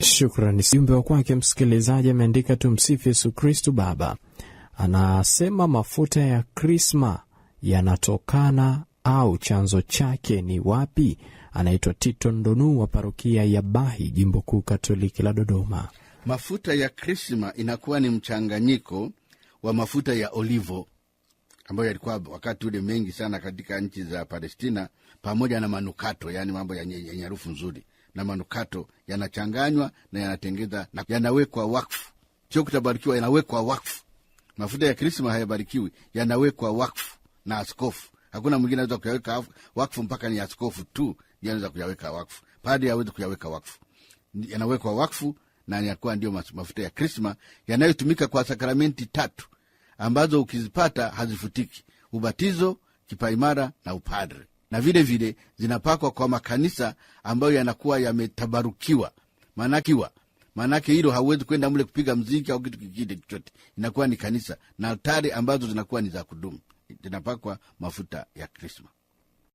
Shukrani. Ujumbe wa kwake msikilizaji ameandika tumsifu Yesu Kristu Baba. Anasema mafuta ya krisma yanatokana au chanzo chake ni wapi? Anaitwa Tito Ndonu wa parokia ya Bahi, jimbo kuu katoliki la Dodoma. Mafuta ya krisma inakuwa ni mchanganyiko wa mafuta ya olivo ambayo yalikuwa wakati ule mengi sana katika nchi za Palestina, pamoja na manukato, yaani mambo yenye harufu nzuri na manukato yanachanganywa na yanatengeza na yanawekwa wakfu, sio kutabarikiwa, yanawekwa wakfu. Mafuta ya Krisma hayabarikiwi, yanawekwa wakfu na askofu. Hakuna mwingine anaweza kuyaweka wakfu mpaka ni askofu tu ndiye anaweza kuyaweka wakfu, padri hawezi kuyaweka wakfu. Yanawekwa wakfu na yanakuwa ndio mafuta ya Krisma yanayotumika kwa sakramenti tatu ambazo ukizipata hazifutiki: ubatizo, kipaimara na upadre na vile vile zinapakwa kwa makanisa ambayo yanakuwa yametabarukiwa manakiwa manake hilo hauwezi kwenda mle kupiga mziki au kitu kingine chochote inakuwa ni kanisa na altari ambazo zinakuwa ni za kudumu zinapakwa mafuta ya krisma